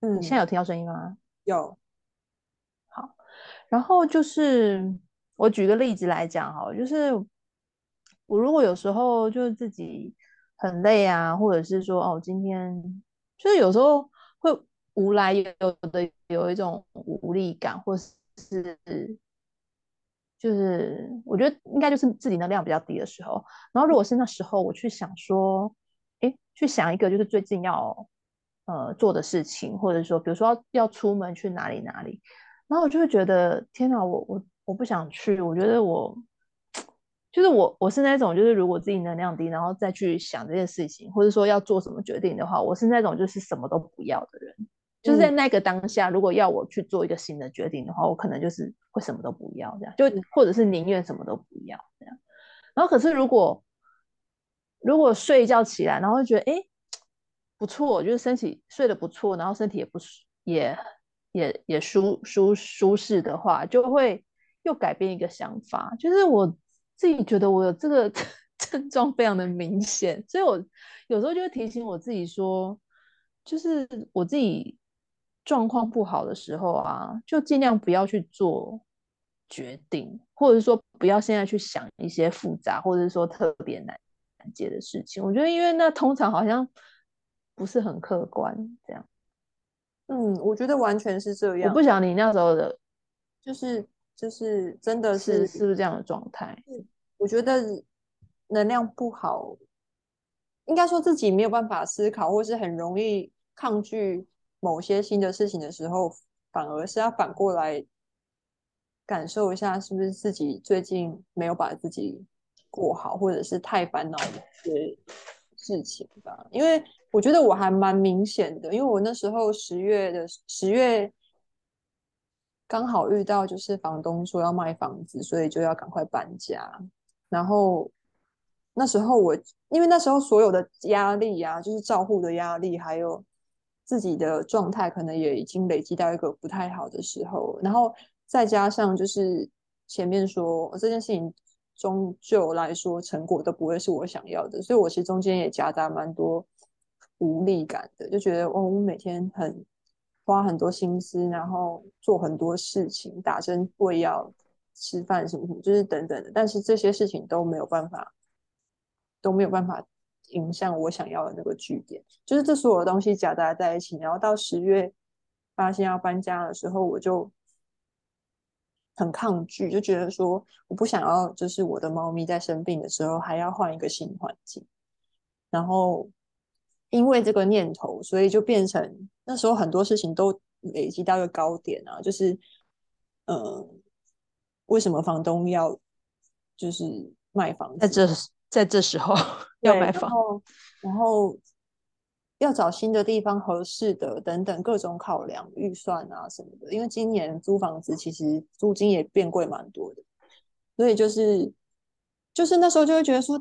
嗯，你現在有聽到聲音嗎？有。好，然後就是我舉個例子來講，就是我如果有時候就是自己很累啊，或者是說哦，今天就是有時候會無來由的有一種無力感，或是就是我覺得應該就是自己能量比較低的時候。然後如果是那時候，我去想說，誒、欸，去想一個就是最近要。呃，做的事情，或者說，比如說要，要出門去哪裡哪裡，然後我就會覺得天哪，我我我不想去，我覺得我就是我我是那種就是如果自己能量低，然後再去想這件事情，或者說要做什麼決定的話，我是那種就是什麼都不要的人，嗯、就是在那個當下，如果要我去做一個新的決定的話，我可能就是會什麼都不要這樣，就或者是寧願什麼都不要這樣。然後可是如果如果睡一覺起來，然後就覺得哎。誒不錯，就是身體睡得不錯，然後身體也不也也也舒，也也也舒舒舒適的話，就會又改變一個想法。就是我自己覺得我有這個症狀非常的明顯，所以我有時候就提醒我自己說，就是我自己狀況不好的時候啊，就儘量不要去做決定，或者說不要現在去想一些複雜，或者說特別難難解的事情。我覺得，因為那通常好像。不是很客觀，這樣，嗯，我覺得完全是這樣。我不想你那時候的、就是，就是就是，真的是是，是不是這樣的狀態？我覺得能量不好，應該說自己沒有辦法思考，或是很容易抗拒某些新的事情的時候，反而是要反過來感受一下，是不是自己最近沒有把自己過好，或者是太煩惱了？對。事情吧，因為我覺得我還蠻明顯的，因為我那時候十月的十月剛好遇到，就是房東說要賣房子，所以就要趕快搬家。然後那時候我，因為那時候所有的壓力啊，就是照顧的壓力，還有自己的狀態，可能也已經累積到一個不太好的時候。然後再加上就是前面說，哦，這件事情。終究來說，成果都不會是我想要的，所以我其實中間也夾雜蠻多無力感的，就覺得哦，我每天很花很多心思，然後做很多事情，打針、餵藥、吃飯什麼什麼，就是等等的，但是這些事情都沒有辦法，都沒有辦法影響我想要的那個句點，就是這所有的東西夾雜在一起，然後到十月發現要搬家的時候，我就。很抗拒，就覺得說我不想要，就是我的貓咪在生病的時候還要換一個新環境。然後因為這個念頭，所以就變成那時候很多事情都累積到一個高點啊，就是嗯、呃，為什麼房東要就是賣房子？在這在這時候要賣房，然後。然後要找新的地方，合適的等等，各種考量預算啊什麼的，因為今年租房子其實租金也變貴蠻多的，所以就是就是那時候就會覺得說，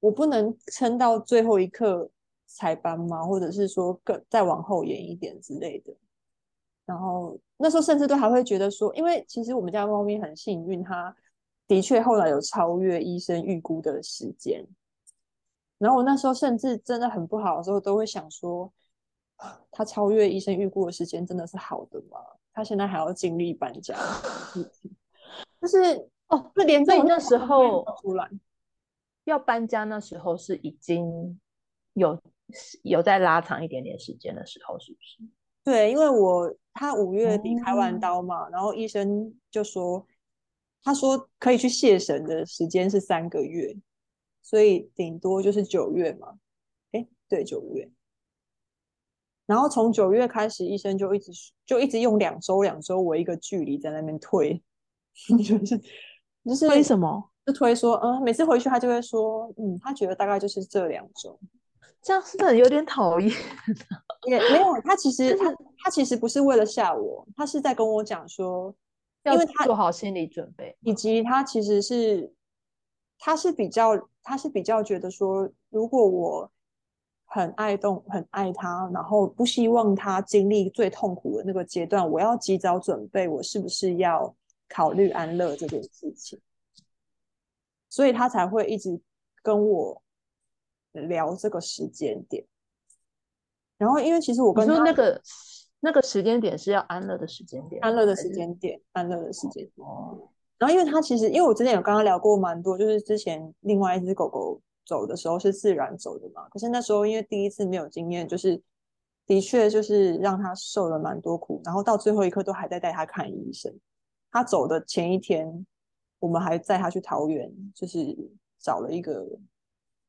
我不能撐到最後一刻才搬嘛，或者是說更再往後延一點之類的。然後那時候甚至都還會覺得說，因為其實我們家貓咪很幸運，它的確後來有超越醫生預估的時間。然後我那時候甚至真的很不好的時候，都會想說，他超越醫生預估的時間真的是好的嗎？他現在還要經歷搬家，就 是 哦，那連在那時候要搬家，那時候是已經有有在拉長一點點時間的時候，是不是？對，因為我他五月底開完刀嘛，嗯、然後醫生就說，他說可以去謝神的時間是三個月。所以頂多就是九月嘛，哎，對，九月。然後從九月開始，醫生就一直就一直用兩周、兩周為一個距離在那邊推， 就是為推什麼？就推說，嗯，每次回去他就會說，嗯，他覺得大概就是這兩周，這樣是有點討厭的？也、yeah, 沒有，他其實是他他其實不是為了嚇我，他是在跟我講說，因為他做好心理準備，以及他其實是。他是比較，他是比較覺得說，如果我很愛動，很愛他，然後不希望他經歷最痛苦的那個階段，我要及早準備，我是不是要考慮安樂這件事情？所以他才會一直跟我聊這個時間點。然後，因為其實我跟他你說、那個，那個那個時間點是要安樂的時間點，安樂的時間點，安樂的時間點。然後，因為他其實，因為我之前有剛剛聊過蠻多，就是之前另外一隻狗狗走的時候是自然走的嘛。可是那時候因為第一次沒有經驗，就是的確就是讓它受了蠻多苦。然後到最後一刻都還在帶它看醫生。他走的前一天，我們還帶他去桃園，就是找了一個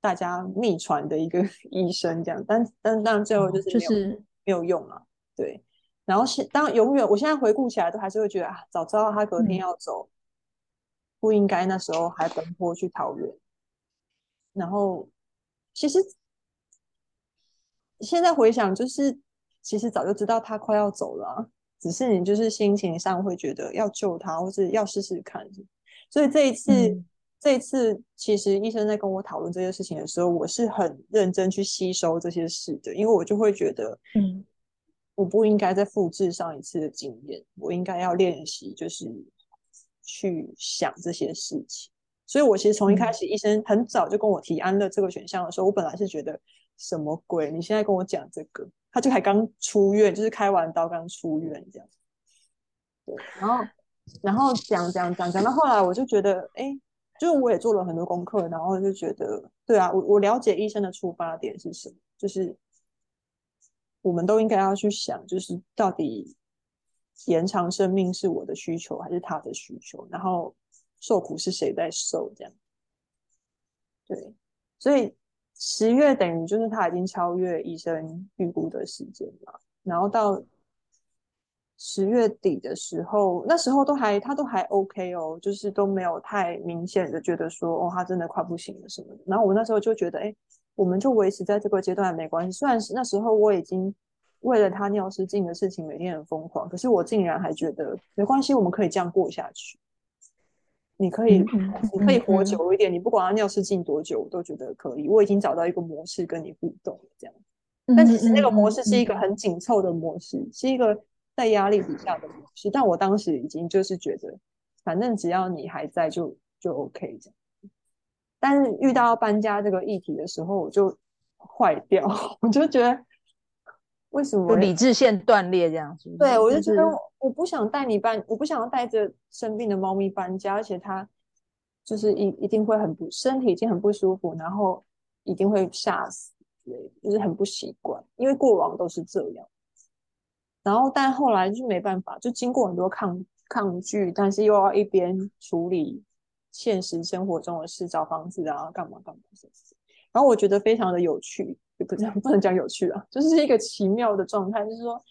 大家秘傳的一個醫生這樣。但但但最後就是、嗯、就是沒有用了、啊。對。然後是當永遠，我現在回顧起來都還是會覺得啊，早知道他隔天要走。嗯不應該那時候還奔波去桃園，然後其實現在回想，就是其實早就知道他快要走了、啊，只是你就是心情上會覺得要救他，或是要試試看。所以這一次，嗯、這一次，其實醫生在跟我討論這些事情的時候，我是很認真去吸收這些事的，因為我就會覺得，嗯，我不應該再複製上一次的經驗，我應該要練習，就是。去想這些事情，所以我其實從一開始、嗯、醫生很早就跟我提安樂這個選項的時候，我本來是覺得什麼鬼？你現在跟我講這個？他就還剛出院，就是開完刀剛出院這樣。對，然後然後講講講講到後、後來，我就覺得，哎，就是我也做了很多功課，然後就覺得，對啊，我我了解醫生的出發點是什麼，就是我們都應該要去想，就是到底。延長生命是我的需求還是他的需求？然後受苦是誰在受？這樣。對，所以十月等於就是他已經超越醫生預估的時間嘛。然後到十月底的時候，那時候都還他都還 OK 哦，就是都沒有太明顯的覺得說哦，他真的快不行了什麼的。然後我那時候就覺得，哎，我們就維持在這個階段還沒關係。雖然是那時候我已經。為了他尿失禁的事情，每天很瘋狂。可是我竟然還覺得沒關係，我們可以這樣過下去。你可以，你可以活久一點。你不管他尿失禁多久，我都覺得可以。我已經找到一個模式跟你互動，這樣。但其實那個模式是一個很緊湊的模式，是一個在壓力底下的模式。但我當時已經就是覺得，反正只要你還在就，就就 OK 這樣。但是遇到要搬家這個議題的時候，我就壞掉，我就覺得。為什麼理智線斷裂這樣是不是？對，我就覺得我不想帶你搬，是我不想帶着生病的貓咪搬家，而且它就是一一定會很不，身體已經很不舒服，然後一定會嚇死之類的，就是很不習慣，因為過往都是這樣。然後但後來就沒辦法，就經過很多抗抗拒，但是又要一邊處理現實生活中的事，找房子啊，幹嘛幹嘛，然後我覺得非常的有趣。就不是這樣，不能講有趣啊，就是一個奇妙的狀態。就是說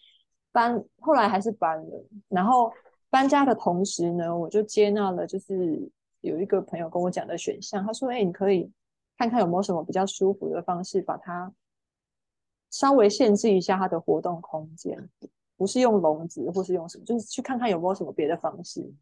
搬，後來還是搬了。然後搬家的同時呢，我就接納了，就是有一個朋友跟我講的選項，他說：“哎、欸，你可以看看有沒有什麼比較舒服的方式，把它稍微限制一下它的活動空間，不是用籠子，或是用什麼，就是去看看有沒有什麼別的方式。”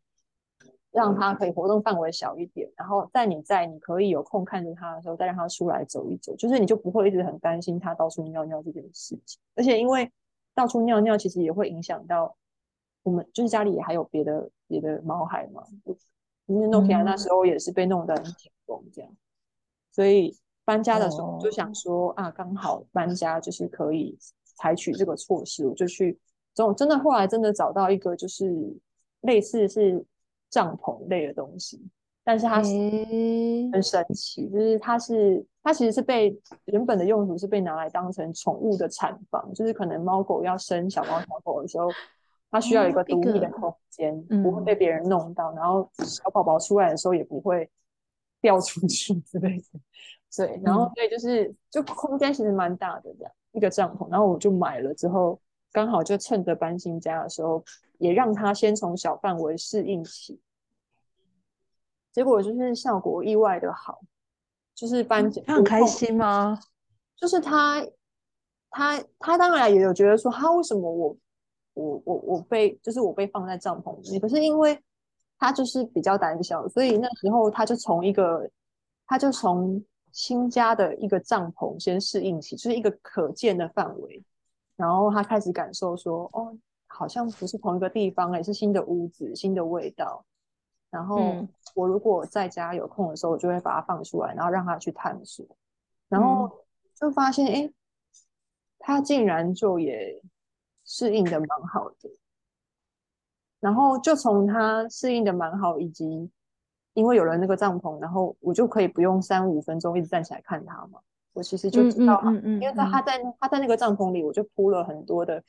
讓他可以活動範圍小一點，嗯、然後在你在你可以有空看着他的時候，再讓他出來走一走，就是你就不會一直很擔心他到處尿尿這件事情。而且因為到處尿尿其實也會影響到我們，就是家裡也還有別的別的毛孩嘛。因為諾基亞那時候也是被弄得很緊張這樣，所以搬家的時候就想說、哦、啊，剛好搬家就是可以採取這個措施，我就去總真的後來真的找到一個就是類似是。帳篷類的東西，但是它是很神奇，欸、就是它是它其實是被原本的用途是被拿來當成寵物的產房，就是可能貓狗要生小貓小狗的時候，它需要一個獨立的空間，嗯、不會被別人弄到，嗯、然後小寶寶出來的時候也不會掉出去之類的。對、嗯，然後所以就是就空間其實蠻大的這樣一個帳篷，然後我就買了之後。剛好就趁着搬新家的時候，也讓他先從小範圍適應起。結果就是效果意外的好，就是搬家他很開心嗎、嗯？就是他，他，他當然也有覺得說，他為什麼我，我，我，我被，就是我被放在帳篷裡，可是因為他就是比較膽小，所以那時候他就從一個，他就從新家的一個帳篷先適應起，就是一個可見的範圍。然後他開始感受說：“哦，好像不是同一個地方哎、欸，是新的屋子，新的味道。”然後我如果在家有空的時候，我就會把它放出來，然後讓它去探索。然後就發現，哎、嗯欸，他竟然就也適應的蠻好的。然後就從他適應的蠻好，以及因為有了那個帳篷，然後我就可以不用三五分鐘一直站起來看他嘛。我其實就知道、啊，嗯嗯嗯嗯、因為在他在他在那個帳篷裡，我就鋪了很多的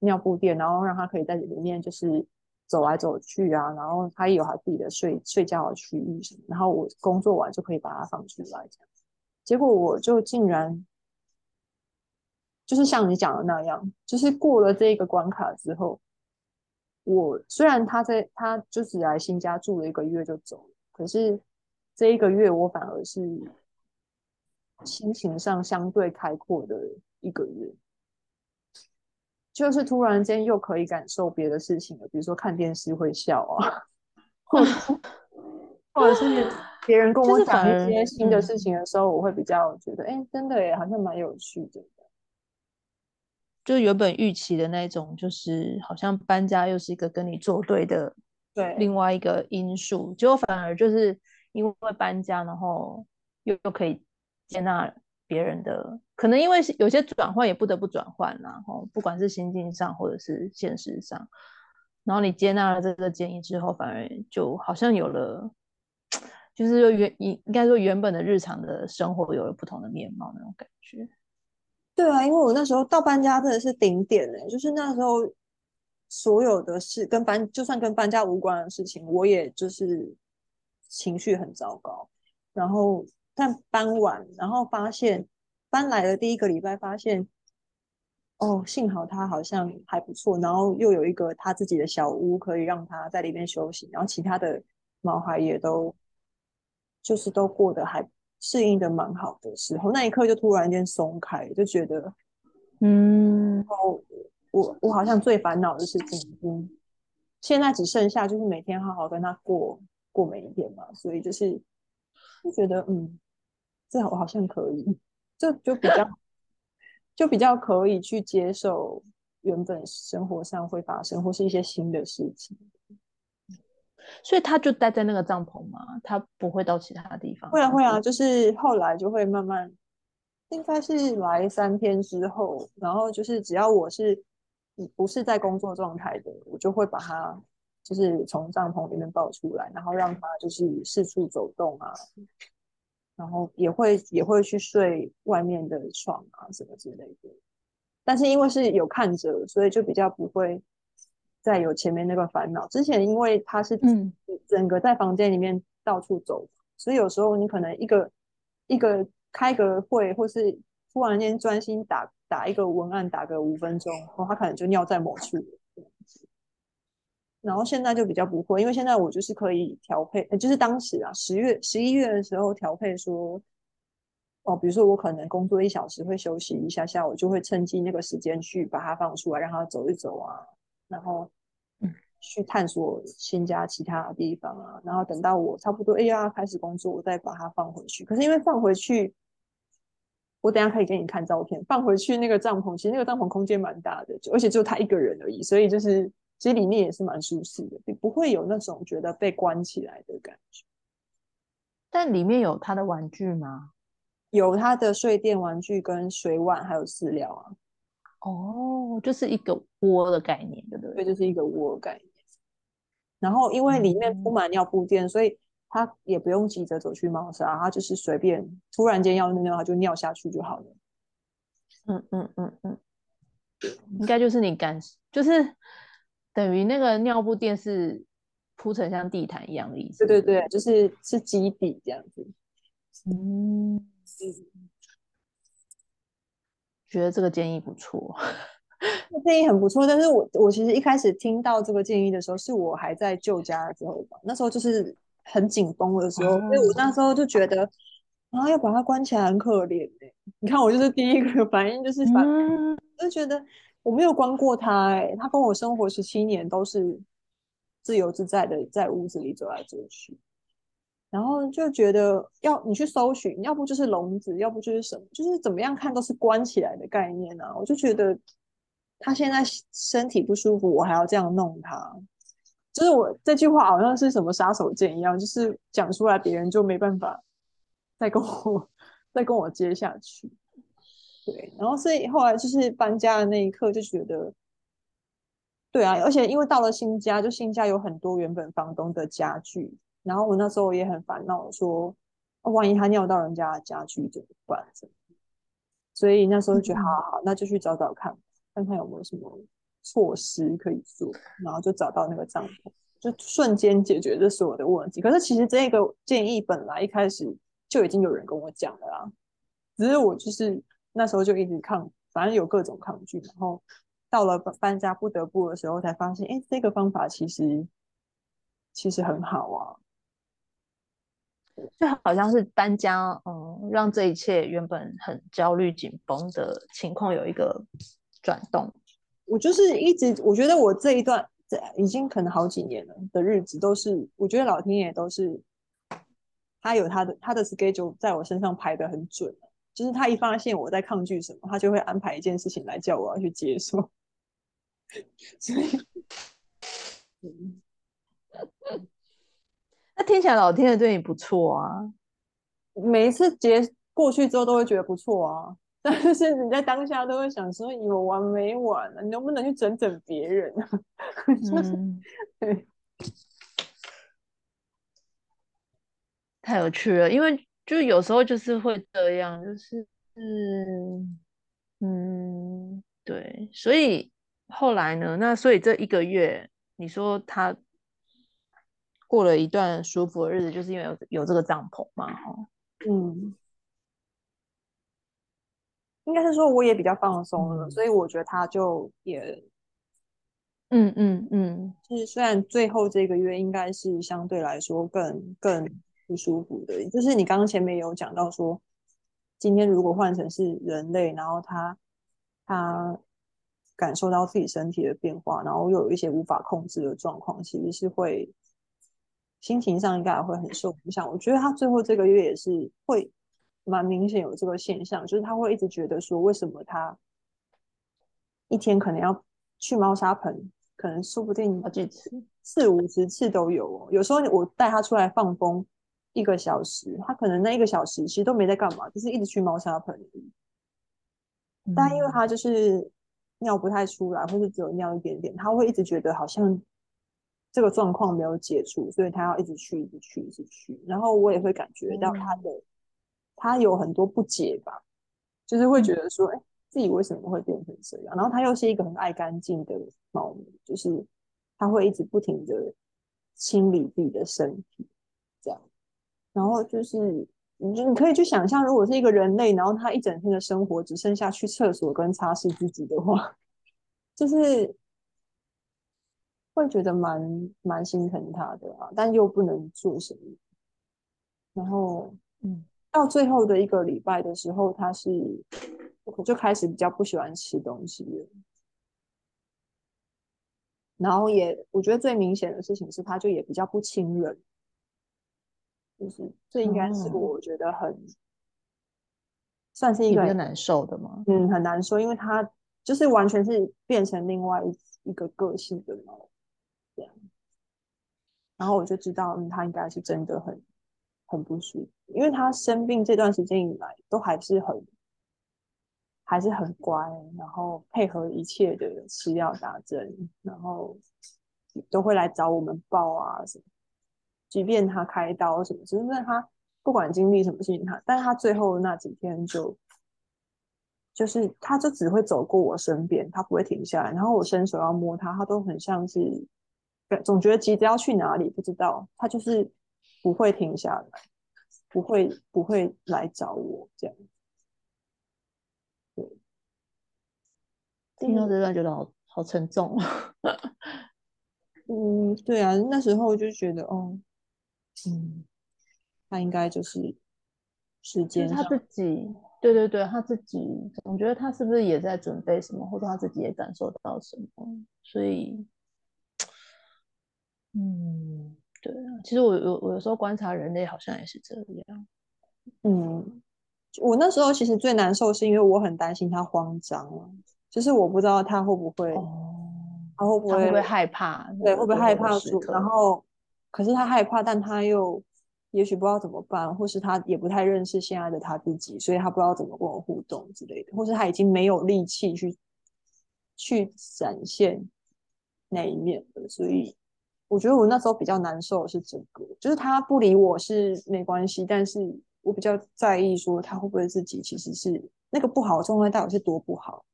尿布墊，然後讓他可以在裡面就是走來走去啊，然後他也有他自己的睡睡覺的區域什麼，然後我工作完就可以把他放出來這樣。結果我就竟然就是像你講的那樣，就是過了這一個關卡之後，我雖然他在他就只來新家住了一個月就走了，可是這一個月我反而是。心情上相對開闊的一個月，就是突然間又可以感受別的事情了，比如說看電視會笑啊，或者 或者是別人跟我講一些新的事情的時候，我會比較覺得，哎，真的耶，好像蠻有趣的。就原本預期的那種，就是好像搬家又是一個跟你作對的，對，另外一個因素，對結果反而就是因為搬家，然後又，又可以。接納別人的，可能因為有些轉換也不得不轉換吼，然後，不管是心境上或者是現實上，然後你接納了這個建議之後，反而就好像有了，就是說原應該說原本的日常的生活有了不同的面貌那種感覺。對啊，因為我那時候到搬家真的是頂點欸，就是那時候所有的事跟搬，就算跟搬家無關的事情，我也就是情緒很糟糕，然後。但搬完，然後發現搬來的第一個禮拜，發現哦，幸好他好像還不錯，然後又有一個他自己的小屋可以讓他在裡面休息，然後其他的毛孩也都就是都過得還適應的蠻好的時候，那一刻就突然間鬆開，就覺得嗯，然後我我好像最煩惱的事情，嗯，現在只剩下就是每天好好跟他過過每一天嘛，所以就是就覺得嗯。這好像可以就，就比較，就比較可以去接受原本生活上會發生或是一些新的事情。所以他就待在那個帳篷嘛，他不會到其他地方。是會啊會啊，就是後來就會慢慢，應該是來三天之後，然後就是只要我是不是在工作狀態的，我就會把他就是從帳篷裡面抱出來，然後讓他就是四處走動啊。然後也會也會去睡外面的床啊什麼之類的，但是因為是有看着，所以就比較不會再有前面那個煩惱。之前因為他是整個在房間裡面到處走，嗯，所以有時候你可能一個一個開個會，或是突然間專心打打一個文案，打個五分鐘，然後他可能就尿在某處。然後現在就比較不會，因為現在我就是可以調配，哎、就是當時啊，十月、十一月的時候調配說，哦，比如說我可能工作一小時會休息一下下，我就會趁機那個時間去把它放出來，讓它走一走啊，然後去探索新家其他地方啊，然後等到我差不多哎呀開始工作，我再把它放回去。可是因為放回去，我等一下可以給你看照片，放回去那個帳篷，其實那個帳篷空間蠻大的，而且就他一個人而已，所以就是。其實裡面也是蠻舒適的，不不會有那種覺得被關起來的感覺。但裡面有他的玩具嗎？有他的睡墊、玩具跟水碗，還有飼料啊。哦，就是一個窩的概念，對不對？對，就是一個窩的概念。然後因為裡面鋪滿尿布墊，嗯、所以他也不用急着走去貓砂、啊，他就是隨便突然間要尿尿，他就尿下去就好了。嗯嗯嗯嗯，應該就是你幹就是。等於那個尿布墊是鋪成像地毯一樣的意思。對對對，就是是基底這樣子。嗯，嗯覺得這個建議不錯，這個建議很不錯。但是我我其實一開始聽到這個建議的時候，是我還在舊家之後吧，那時候就是很緊繃的時候，哦、所以我那時候就覺得，然後、啊、要把它關起來很可憐、欸。你看我就是第一個反應就是反，嗯、就覺得。我沒有關過他，欸，他跟我生活十七年都是自由自在的，在屋子裡走來走去，然後就覺得要你去搜尋，要不就是籠子，要不就是什麼，就是怎麼樣看都是關起來的概念啊！我就覺得他現在身體不舒服，我還要這樣弄他。就是我這句話好像是什麼殺手鐧一樣，就是講出來別人就沒辦法再跟我再跟我接下去。對，然後所以後來就是搬家的那一刻就覺得，對啊，而且因為到了新家，就新家有很多原本房東的家具，然後我那時候也很煩惱說，說，哦，萬一他尿到人家的家具怎麼辦？所以那時候就覺得，好好好，那就去找找看，看看有沒有什麼措施可以做，然後就找到那個帳篷，就瞬間解決這所有的問題。可是其實這個建議本來一開始就已經有人跟我講了啊，只是我就是。那時候就一直抗，反正有各種抗拒，然後到了搬家不得不的時候，才發現，哎、欸，這個方法其實其實很好啊。就好像是搬家，嗯，讓這一切原本很焦慮緊繃的情況有一個轉動。我就是一直，我覺得我這一段這已經可能好幾年了的日子，都是我覺得老天爺都是他有他的他的 schedule 在我身上排得很準。就是他一發現我在抗拒什麼，他就會安排一件事情來叫我要去接受。 所以，那 聽起來老天爺對你不錯啊！每一次接過去之後都會覺得不錯啊，但是你在當下都會想說：有完沒完啊？你能不能去整整別人啊？ 嗯， 太有趣了，因為。就有時候就是會這樣，就是嗯嗯對，所以後來呢，那所以這一個月，你說他過了一段舒服的日子，就是因為有有這個帳篷嘛，嗯，應該是說我也比較放鬆了，嗯、所以我覺得他就也，嗯嗯嗯，嗯嗯就是雖然最後這個月應該是相對來說更更。不舒服的，就是你剛剛前面有講到說，今天如果換成是人類，然後他他感受到自己身體的變化，然後又有一些無法控制的狀況，其實是會心情上應該也會很受影響。我覺得他最後這個月也是會蠻明顯有這個現象，就是他會一直覺得說，為什麼他一天可能要去貓砂盆，可能說不定幾次四五十次都有哦。有時候我帶他出來放風。一個小時，他可能那一個小時其實都沒在幹嘛，就是一直去貓砂盆裡、嗯、但因為他就是尿不太出來，或是只有尿一點點，他會一直覺得好像這個狀況沒有解除，所以他要一直去，一直去，一直去。然後我也會感覺到他的、嗯、他有很多不解吧，就是會覺得說，哎、嗯欸，自己為什麼會變成這樣？然後他又是一個很愛乾淨的貓咪，就是他會一直不停的清理自己的身體，這樣。然後就是，你你可以去想象，如果是一個人類，然後他一整天的生活只剩下去廁所跟擦拭自己的話，就是會覺得蠻蠻心疼他的啊，但又不能做什麼。然後，嗯，到最後的一個禮拜的時候，他是就開始比較不喜歡吃東西了。然後也，我覺得最明顯的事情是，他就也比較不親人。就是這應該是我覺得很、嗯、算是一個是難受的嗎？嗯，很難說，因為他就是完全是變成另外一一個個性的貓，這樣。然後我就知道，嗯，他應該是真的很對很不舒服，因為他生病這段時間以來都還是很還是很乖，然後配合一切的吃藥打針，然後都會來找我們抱啊什麼。即便他開刀什麼，就是他不管經歷什麼事情，他，但是他最後那幾天就，就是他就只會走過我身邊，他不會停下來。然後我伸手要摸他，他都很像是，總覺得急着要去哪裡，不知道，他就是不會停下來，不會不會來找我這樣。對，聽到這段覺得好好沉重。 嗯，對啊，那時候就覺得，哦。嗯，他應該就是時間他自己，對對對，他自己，我覺得他是不是也在準備什麼，或者他自己也感受到什麼，所以，嗯，對啊，其實我有我有時候觀察人類好像也是這樣，嗯，我那時候其實最難受是因為我很擔心他慌張，就是我不知道他會不會，他會不會害怕，對，會不會害怕，然後。可是他害怕，但他又也許不知道怎麼辦，或是他也不太認識現在的他自己，所以他不知道怎麼跟我互動之類的，或是他已經沒有力氣去去展現那一面的。所以我覺得我那時候比較難受的是這個，就是他不理我是沒關係，但是我比較在意說他會不會自己其實是那個不好的狀態到底是多不好，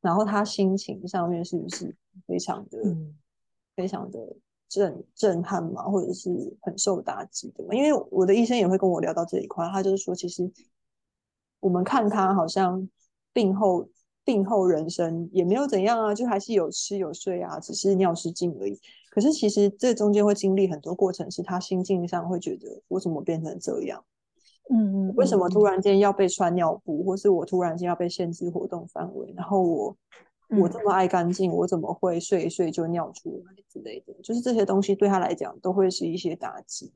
然後他心情上面是不是非常的、嗯、非常的。震震撼嘛，或者是很受打擊的嘛？因為我的醫生也會跟我聊到這一塊，他就是說，其實我們看他好像病後病後人生也沒有怎樣啊，就還是有吃有睡啊，只是尿失禁而已。可是其實這中間會經歷很多過程，是他心境上會覺得，我怎麼變成這樣？嗯嗯嗯，為什麼突然間要被穿尿布，或是我突然間要被限制活動範圍，然後我。我這麼愛乾淨，嗯、我怎麼會睡一睡就尿出來之類的？就是這些東西對他來講都會是一些打擊，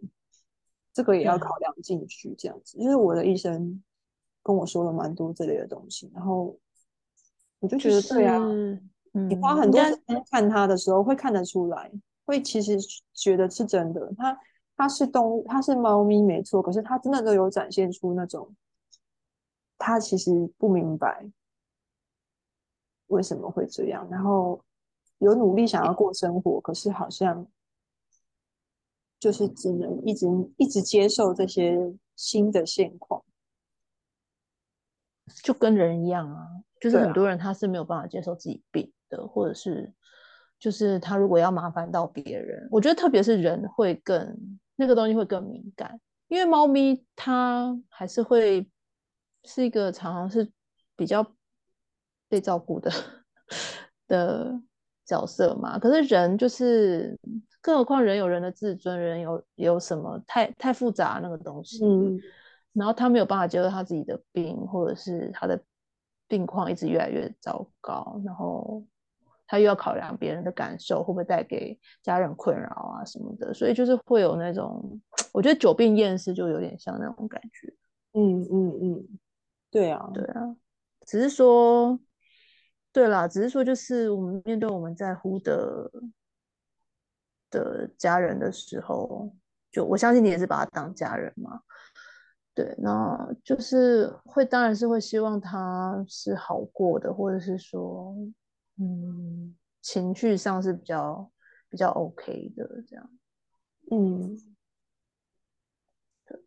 這個也要考量進去。這樣子，因為、嗯、我的醫生跟我說了蠻多這類的東西，然後我就覺得對啊，你花很多時間看他的時候，會看得出來，嗯、會其實覺得是真的。他他是動物，他是貓咪，沒錯，可是他真的都有展現出那種，他其實不明白。為什麼會這樣？然後有努力想要過生活，可是好像就是只能一直一直接受這些新的現況，就跟人一樣啊。就是很多人他是沒有辦法接受自己病的，啊、或者是就是他如果要麻煩到別人，我覺得特別是人會更那個東西會更敏感，因為貓咪它還是會是一個常常是比較。被照顧的的角色嘛，可是人就是，更何況人有人的自尊，人有有什麼太太複雜的那個東西，嗯，然後他沒有辦法接受他自己的病，或者是他的病況一直越來越糟糕，然後他又要考量別人的感受會不會帶給家人困擾啊什麼的，所以就是會有那種，我覺得久病厭世就有點像那種感覺，嗯嗯嗯，對啊對啊，只是說。對啦，只是說，就是我們面對我們在乎的的家人的時候，就我相信你也是把他當家人嘛。對，那就是會，當然是會希望他是好過的，或者是說，嗯，情緒上是比較比較 OK 的這樣。嗯。對。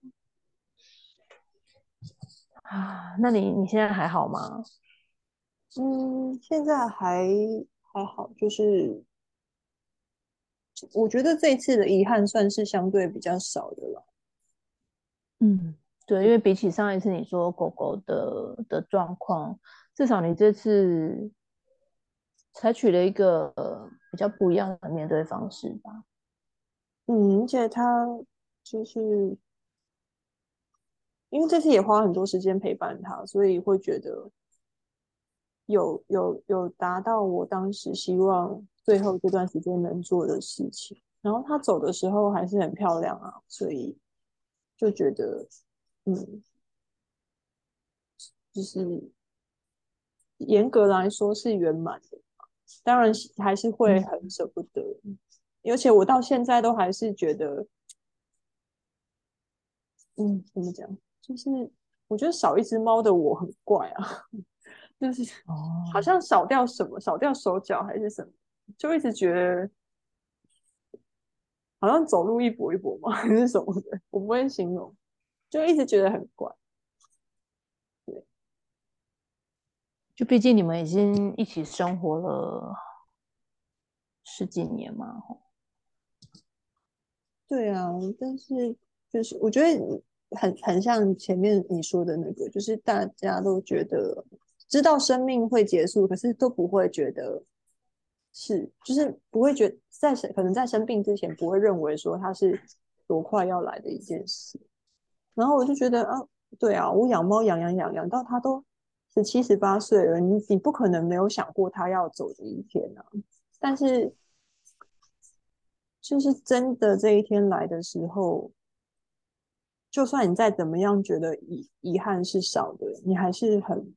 啊，那你你現在還好嗎？嗯，現在還還好好就是我覺得這一次的遺憾算是相對比較少的了。嗯，對，因為比起上一次你說狗狗的的狀況，至少你這次採取了一個比較不一樣的面對方式吧。嗯，而且他就是因為這次也花很多時間陪伴他，所以會覺得。有有有達到我當時希望最後這段時間能做的事情，然後他走的時候還是很漂亮啊，所以就覺得，嗯，就是嚴格來說是圓滿的，當然還是會很舍不得，嗯、而且我到現在都還是覺得，嗯，怎麼講？就是我覺得少一隻貓的我很怪啊。就是，好像少掉什麼，少掉手腳還是什麼，就一直覺得好像走路一跛一跛嘛，還是什麼的，我不會形容，就一直覺得很怪。對，就畢竟你們已經一起生活了十幾年嘛，呃、年。對啊，但是就是我覺得很很像前面你說的那個，就是大家都覺得。知道生命會結束，可是都不會覺得是，就是不會覺得在生，可能在生病之前不會認為說它是多快要來的一件事。然後我就覺得，啊，對啊，我養貓養養養養，養到它都十七、十八歲了，你你不可能沒有想過它要走的一天啊。但是，就是真的這一天來的時候，就算你再怎麼樣覺得遺憾是少的，你還是很。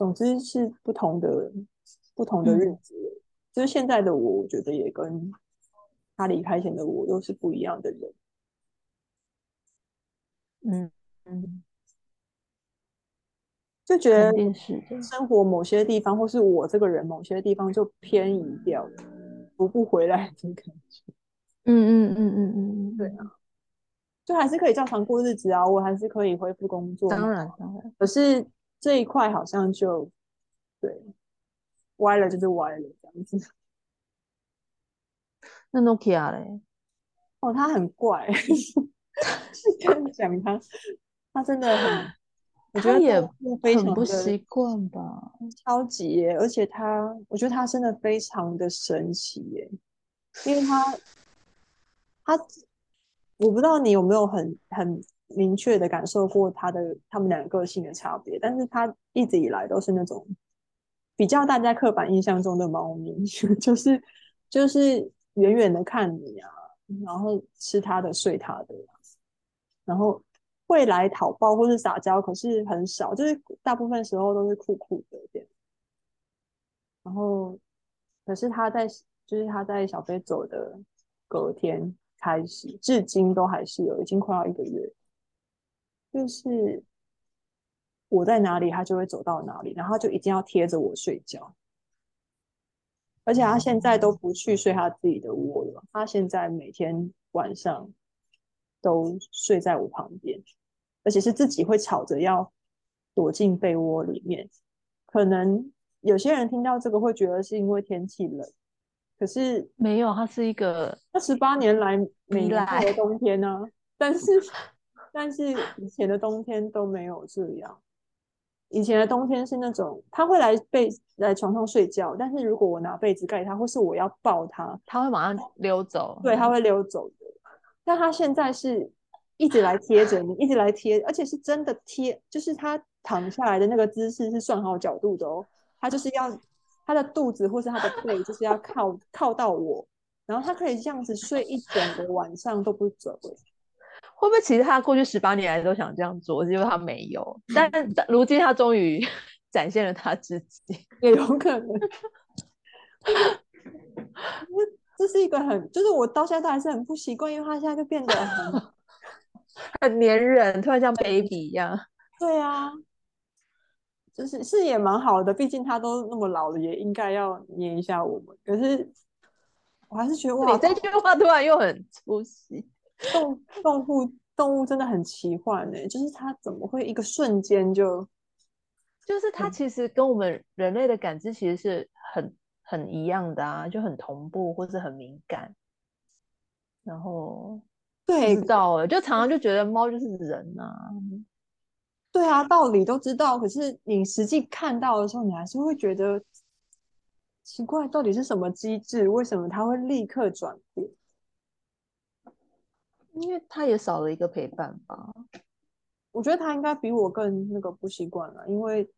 總之是不同的，不同的日子。嗯、就是現在的我，我覺得也跟他離開前的我，又是不一樣的人。嗯嗯，嗯就覺得就生活某些地方，或是我這個人某些地方，就偏移掉了，補不，不回來的感覺。嗯嗯嗯嗯嗯，對啊，就還是可以照常過日子啊，我還是可以恢復工作，當然當然，當然可是。這一塊好像就對歪了，就是歪了這樣子。那 Nokia 嘞？哦，他很怪、欸，是 這樣講他，他真的很，他也 我覺得也非常很不習慣吧。超級、欸，而且他，我覺得他真的非常的神奇耶、欸，因為他，他，我不知道你有沒有很很。明確的感受過他的他們兩個個性的差別，但是他一直以來都是那種比較大家刻板印象中的貓咪，就是就是遠遠的看你啊，然後吃他的睡他的啊，然後會來討抱或是撒嬌，可是很少，就是大部分時候都是酷酷的，然後，可是他在就是他在小飛走的隔天開始，至今都還是有，已經快要一個月。就是我在哪裡，他就會走到哪裡，然後他就一定要貼着我睡覺。而且他現在都不去睡他自己的窩了，他現在每天晚上都睡在我旁邊，而且是自己會吵着要躲進被窩裡面。可能有些人聽到這個會覺得是因為天氣冷，可是沒有，他是一個他十八年來沒來的冬天呢、啊，但是。但是以前的冬天都沒有這樣，以前的冬天是那種他會來被在床上睡覺，但是如果我拿被子蓋他，或是我要抱他，他會馬上溜走，對，他會溜走的。但他現在是一直來貼着你，一直來貼，而且是真的貼，就是他躺下來的那個姿勢是算好角度的哦，他就是要他的肚子或是他的背就是要靠 靠到我，然後他可以這樣子睡一整個晚上都不准。會不會其實他過去十八年來都想這樣做，結果他沒有。但如今他終於展現了他自己，也有可能。這 這是一個很，就是我到現在還是很不習慣，因為他現在就變得很，很黏人，突然像 baby 一樣。對，對啊，就是是也蠻好的，畢竟他都那麼老了，也應該要黏一下我們。可是我還是覺得我，你這句話突然又很出戲。動動物動物，動物真的很奇幻呢、欸，就是它怎麼會一個瞬間就，就是它其實跟我們人類的感知其實是很很一樣的啊，就很同步或是很敏感。然後知道了，對就常常就覺得貓就是人啊。對啊，道理都知道，可是你實際看到的時候，你還是會覺得奇怪，到底是什麼機制，為什麼它會立刻轉變？因為他也少了一個陪伴吧，我覺得他應該比我更那個不習慣了，因為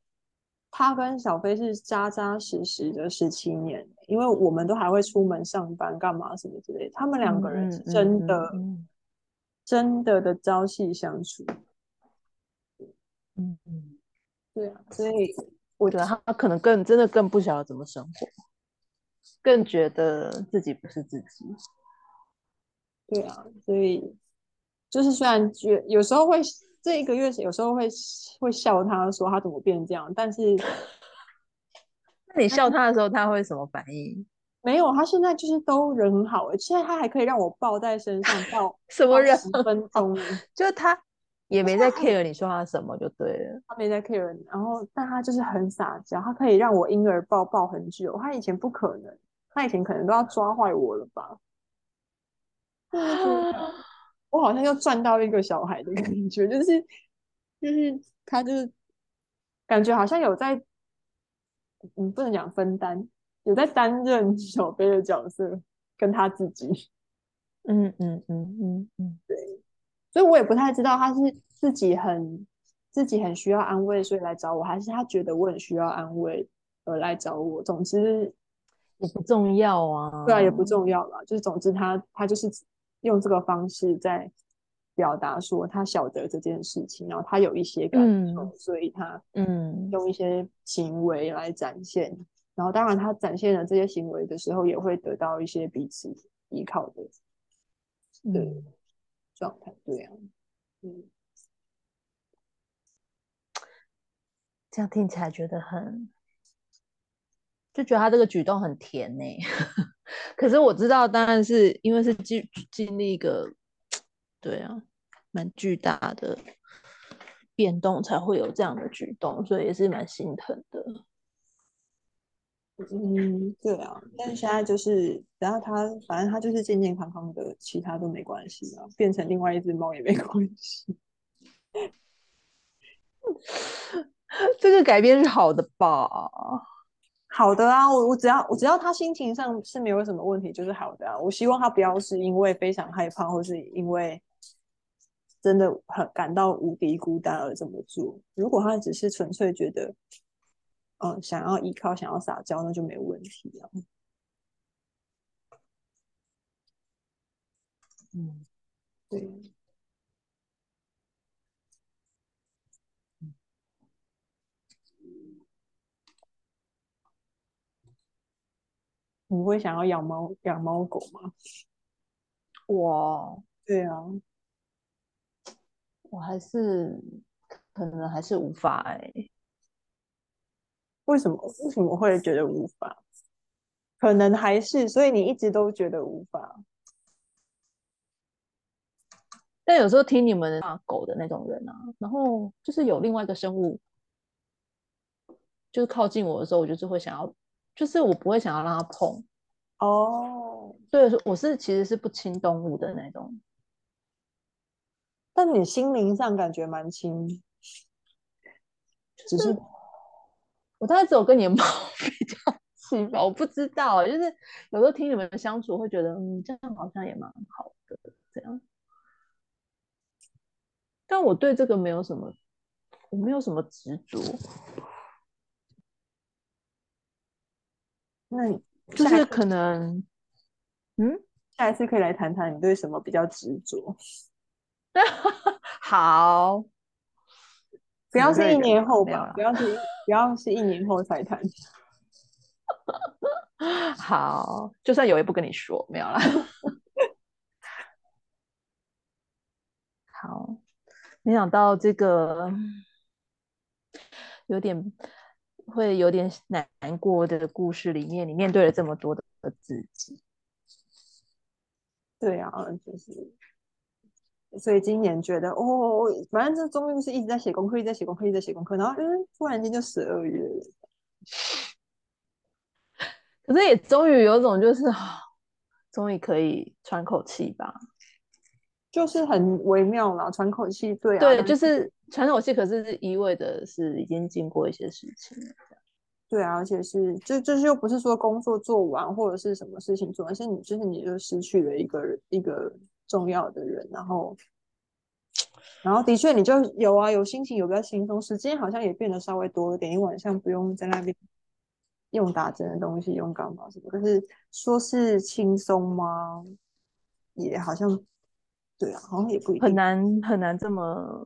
他跟小飛是扎扎實實的十七年，因為我們都還會出門上班幹嘛什麼之類的，他們兩個人真的、嗯嗯嗯嗯，真的的朝夕相處，嗯，嗯對啊，所以我覺得他可能更真的更不曉得怎麼生活，更覺得自己不是自己。對啊，所以就是雖然覺有時候會這一個月，有時候會會笑他說他怎麼變這樣，但是 那你笑他的時候，他會什麼反應？沒有，他現在就是都人很好，現在他還可以讓我抱在身上抱， 什麼人？十分鐘， 就是他也沒在 care 你說他什麼就對了，他沒在 care 你。然後，但他就是很撒嬌，他可以讓我嬰兒抱抱很久，他以前不可能，他以前可能都要抓壞我了吧。 我好像又賺到一個小孩的感覺，就是就是他就是 感覺好像有在，嗯，不能講分擔，有在擔任小飛的角色，跟他自己，嗯嗯嗯嗯嗯，嗯嗯嗯對，所以我也不太知道他是自己很自己很需要安慰，所以來找我，還是他覺得我很需要安慰而來找我。總之也不重要啊，對啊，也不重要了，就是總之他他就是。用這個方式在表達說他曉得這件事情，然後他有一些感受，嗯、所以他嗯用一些行為來展現。嗯、然後當然他展現了這些行為的時候，也會得到一些彼此依靠的，對、嗯、狀態，對啊，嗯，這樣聽起來覺得很，就覺得他這個舉動很甜呢、欸。 可是我知道，當然是因為是經經歷一個，對啊，蠻巨大的變動才會有這樣的舉動，所以也是蠻心疼的。嗯，對啊，但是現在就是只要他，反正他就是健健康康的，其他都沒關係了，變成另外一隻貓也沒關係。 這個改變是好的吧？好的啊，我我只要我只要他心情上是沒有什麼問題，就是好的啊。我希望他不要是因為非常害怕，或是因為真的很感到無比孤單而這麼做。如果他只是純粹覺得，嗯，想要依靠，想要撒嬌，那就沒問題啊。嗯，對。你會想要養貓養貓狗嗎？我，Wow. 對啊，我還是可能還是無法哎、欸。為什麼？為什麼會覺得無法？可能還是，所以你一直都覺得無法。但有時候聽你們罵狗的那種人啊，然後就是有另外一個生物，就是靠近我的時候，我就是會想要。就是我不會想要讓它碰，哦，oh, 對，我是其實是不親動物的那種，但你心靈上感覺蠻親，就是、只是我大概只有跟你貓比較親吧，我不知道，就是有時候聽你們的相處會覺得，嗯，這樣好像也蠻好的，這樣，但我對這個沒有什麼，我沒有什麼執着。那你就是可能，嗯，下一次可以來談談你對什麼比較執着。 好， 不要是一年後吧，不要是一不要是一年後才談。 好，就算有也不跟你說，沒有啦。 好，沒想到這個有點。會有點難過的故事裡面，你面對了這麼多的自己。對啊，就是，所以今年覺得哦，反正這終於是一直在寫功課，一直在寫功課，一直在，在寫功課，然後嗯，突然間就十二月，可是也終於有種就是啊、哦，終於可以喘口氣吧。就是很微妙啦，喘口氣，對啊，對，是就是喘口氣，可是是意味的，是已經經過一些事情這樣，對啊，而且是，就就是又不是說工作做完或者是什麼事情做完，而是你就是你就失去了一個一個重要的人，然後，然後的確你就有啊，有心情，有比較輕鬆，時間好像也變得稍微多了一點，因為晚上不用在那邊用打針的東西，用幹嘛什麼，但是說是輕鬆嗎？也好像。對、啊，好像也不一定很難很難這麼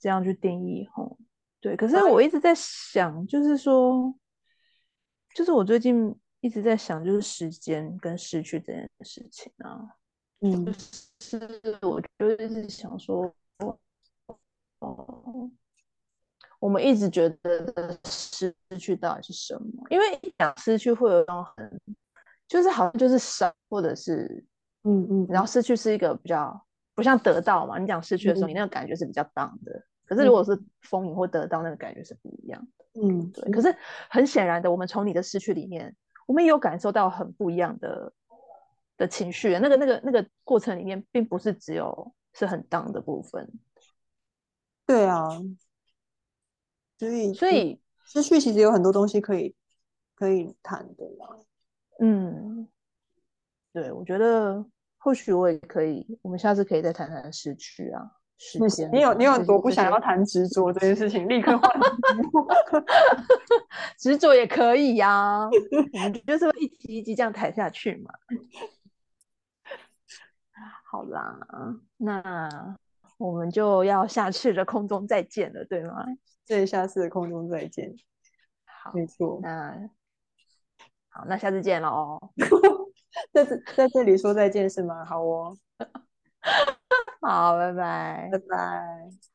這樣去定義吼。對，可是我一直在想，對就是說，就是我最近一直在想，就是時間跟失去這件事情啊，嗯，是，我就就是想說，哦，我們一直覺得失去到底是什麼？因為一講失去，會有種很，就是好像就是少，或者是嗯嗯，然後失去是一個比較。不像得到嘛，你講失去的時候，你那個感覺是比較 down 的。嗯、可是如果是豐盈或得到，那個感覺是不一樣的。嗯，對。可是很顯然的，我們從你的失去裡面，我們也有感受到很不一樣的的情緒。那個、那個、那個過程裡面，並不是只有是很 down 的部分。對啊，所以所以失去其實有很多東西可以可以談的啦。嗯，對，我覺得。或許我也可以，我們下次可以再談談失去啊。是，你有你有很多不想要談執着這件事情， 立刻換。執着 也可以呀、啊， 你就是會一集一集這樣談下去嘛。好啦，那我們就要下次的空中再見了，對嗎？對，下次的空中再見。好沒錯錯。那好，那下次見了哦。 在這在這裡說再見是嗎？好哦， 好，拜拜，拜拜。